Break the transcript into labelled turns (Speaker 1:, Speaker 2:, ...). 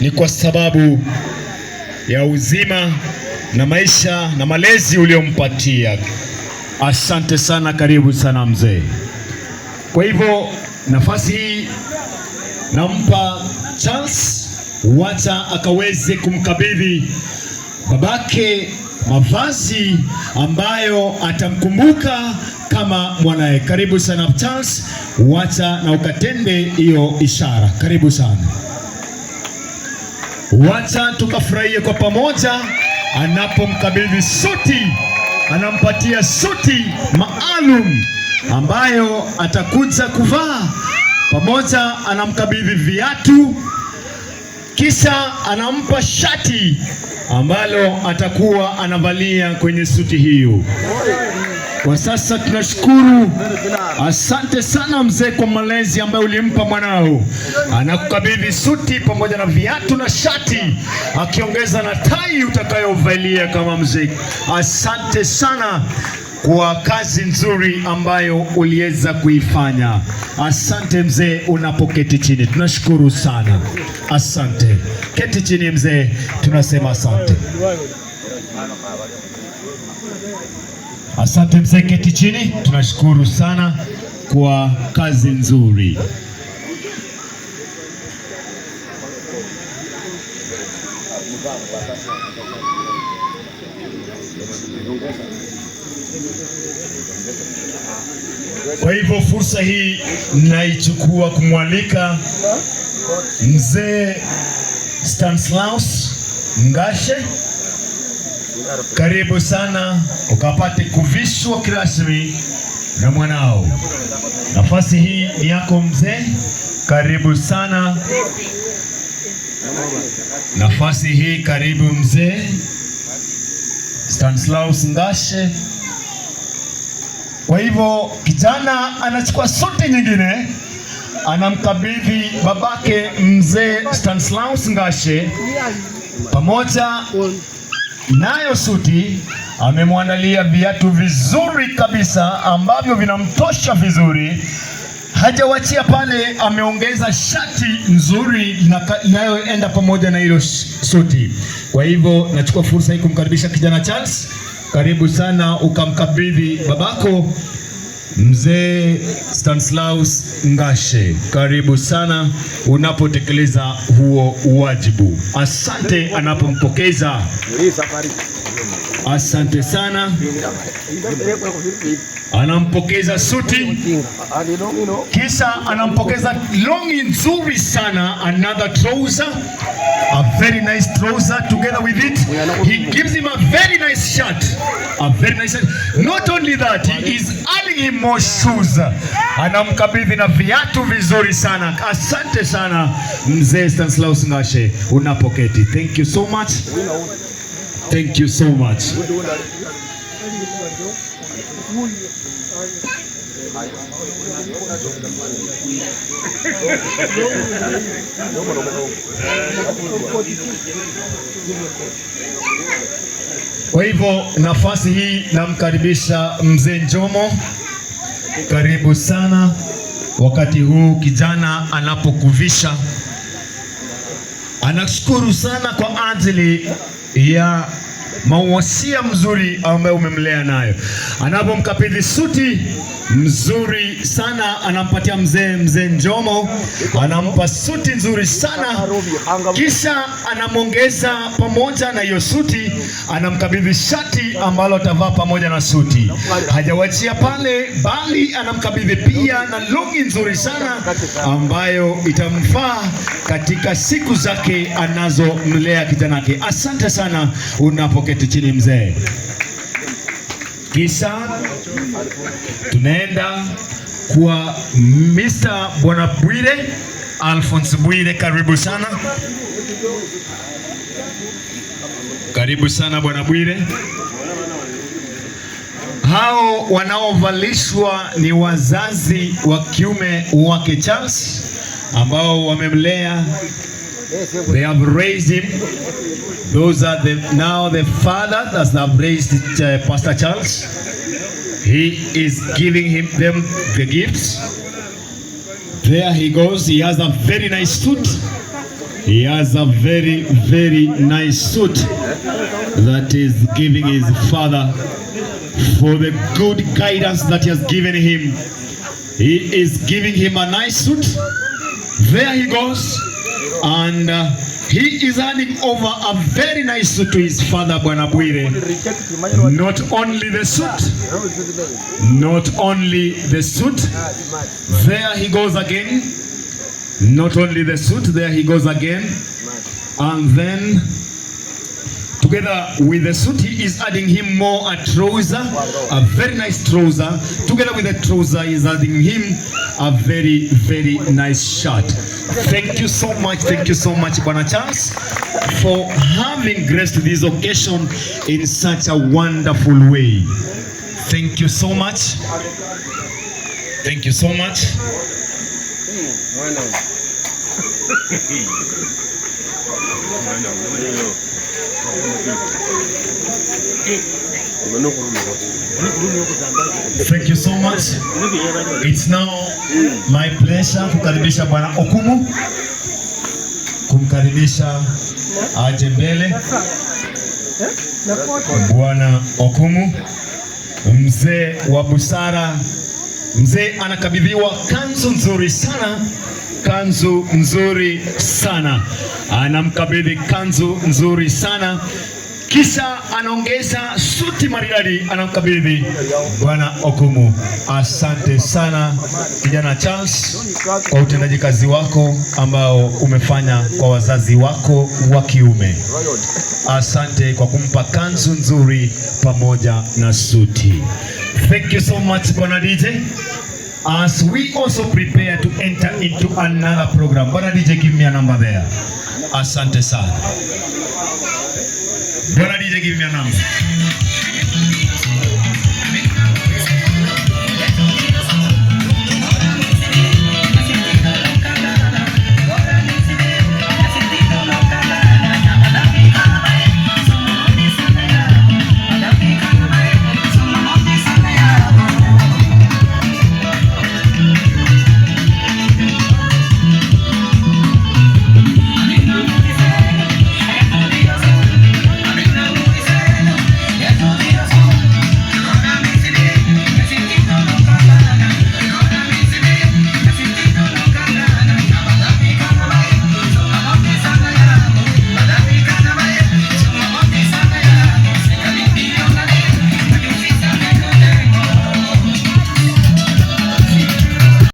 Speaker 1: ni kwa sababu ya uzima na maisha na malezi uliompatia. Asante sana, karibu sana mzee. Kwa hivyo nafasi hii nampa chance wacha akaweze kumkabidhi babake mavazi ambayo atamkumbuka kama mwanaye. Karibu sana Charles wacha na ukatende hiyo ishara. Karibu sana. Wacha tukafurahie kwa pamoja anapomkabidhi suti, anampatia suti maalum ambayo atakuja kuvaa pamoja, anamkabidhi viatu, kisha anampa shati ambalo atakuwa anavalia kwenye suti hiyo. Kwa sasa tunashukuru, asante sana mzee kwa malezi ambayo ulimpa mwanao. Anakukabidhi suti pamoja na viatu na shati, akiongeza na tai utakayovalia kama mzee. Asante sana kwa kazi nzuri ambayo uliweza kuifanya. Asante mzee, unapoketi chini tunashukuru sana. Asante, keti chini mzee, tunasema asante. Asante mzee, keti chini. Tunashukuru sana kwa kazi nzuri. Kwa hivyo fursa hii naichukua kumwalika mzee Stanislaus Ngashe karibu sana ukapate kuvishwa kirasmi na mwanao. Nafasi hii ni yako mzee, karibu sana. Nafasi hii karibu mzee Stanislaus Ngashe. Kwa hivyo kijana anachukua suti nyingine anamkabidhi babake mzee Stanislaus Ngashe pamoja nayo suti amemwandalia viatu vizuri kabisa ambavyo vinamtosha vizuri. Hajawachia pale, ameongeza shati nzuri inayoenda pamoja na hilo suti. Kwa hivyo nachukua fursa hii kumkaribisha kijana Charles, karibu sana ukamkabidhi babako Mzee Stanislaus Ngashe, karibu sana unapotekeleza huo wajibu. Asante anapompokeza Asante sana. Anampokeza suti, kisha anampokeza longi nzuri sana, another trouser, a very nice trouser together with it. He gives him a very nice shirt, a very nice shirt. Not only that, he is adding him more shoes. Anamkabidhi na viatu vizuri sana. Asante sana mzee Stanislaus Ngashe, unapoketi. Thank you so much. Thank you so much. Kwa hivyo nafasi hii namkaribisha Mzee Njomo, karibu sana wakati huu kijana anapokuvisha anashukuru sana kwa ajili ya mawasia mzuri ambayo umemlea nayo, anapomkabidhi suti mzuri sana anampatia mzee mzee Njomo, anampa suti nzuri sana kisha anamwongeza pamoja na hiyo suti, anamkabidhi shati ambalo atavaa pamoja na suti. Hajawachia pale, bali anamkabidhi pia na longi nzuri sana ambayo itamfaa katika siku zake anazomlea kijanake. Asante sana, unapoketi chini mzee, kisa tunaenda kwa Mr. Bwana Bwire Alphonse Bwire, karibu sana, karibu sana Bwana Bwire. Hao wanaovalishwa ni wazazi wa kiume wake Charles ambao wamemlea They have raised him. Those are the, now the father that have raised uh, Pastor Charles. He is giving him them the gifts. There he goes. He has a very nice suit. He has a very, very nice suit that is giving his father for the good guidance that he has given him. He is giving him a nice suit. There he goes and uh, he is handing over a very nice suit to his father Bwana Bwire. Not only the suit, not only the suit, there he goes again. Not only the suit, there he goes again, and then together with the suit he is adding him more a trouser a very nice trouser together with the trouser is adding him a very very nice shirt thank you so much thank you so much bwana for having graced this occasion in such a wonderful way thank you so much thank you so much hmm, so much. It's now my pleasure kukaribisha Bwana Okumu, kumkaribisha aje mbele Bwana Okumu, mzee wa busara. Mzee anakabidhiwa kanzu nzuri sana, kanzu nzuri sana, anamkabidhi kanzu nzuri sana kisha anaongeza suti maridadi, anamkabidhi Bwana Okumu. Asante sana kijana Charles kwa utendaji kazi wako ambao umefanya kwa wazazi wako wa kiume. Asante kwa kumpa kanzu nzuri pamoja na suti. Thank you so much Bwana DJ. As we also prepare to enter into another program. Bwana DJ, give me a number there. Asante sana. Bwana DJ, give me a answer.